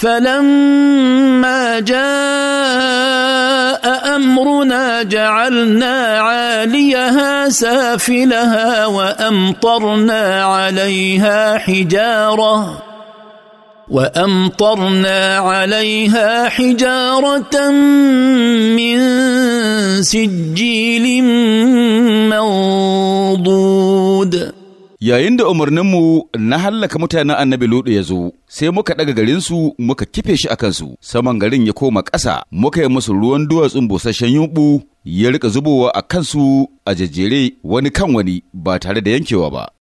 فلما جاء امرنا جعلنا عاليها سافلها وامطرنا عليها حجاره وامطرنا عليها حجاره من سجيل منضود Yayin da umarninmu na hallaka mutanen annabi Lutu ya zo, sai muka ɗaga garinsu muka kife shi a kansu, saman garin ya koma ƙasa, muka yi musu ruwan duwatsun busasshen yunɓu ya rika zubowa a kansu a jejjere wani kan wani ba tare da yankewa ba.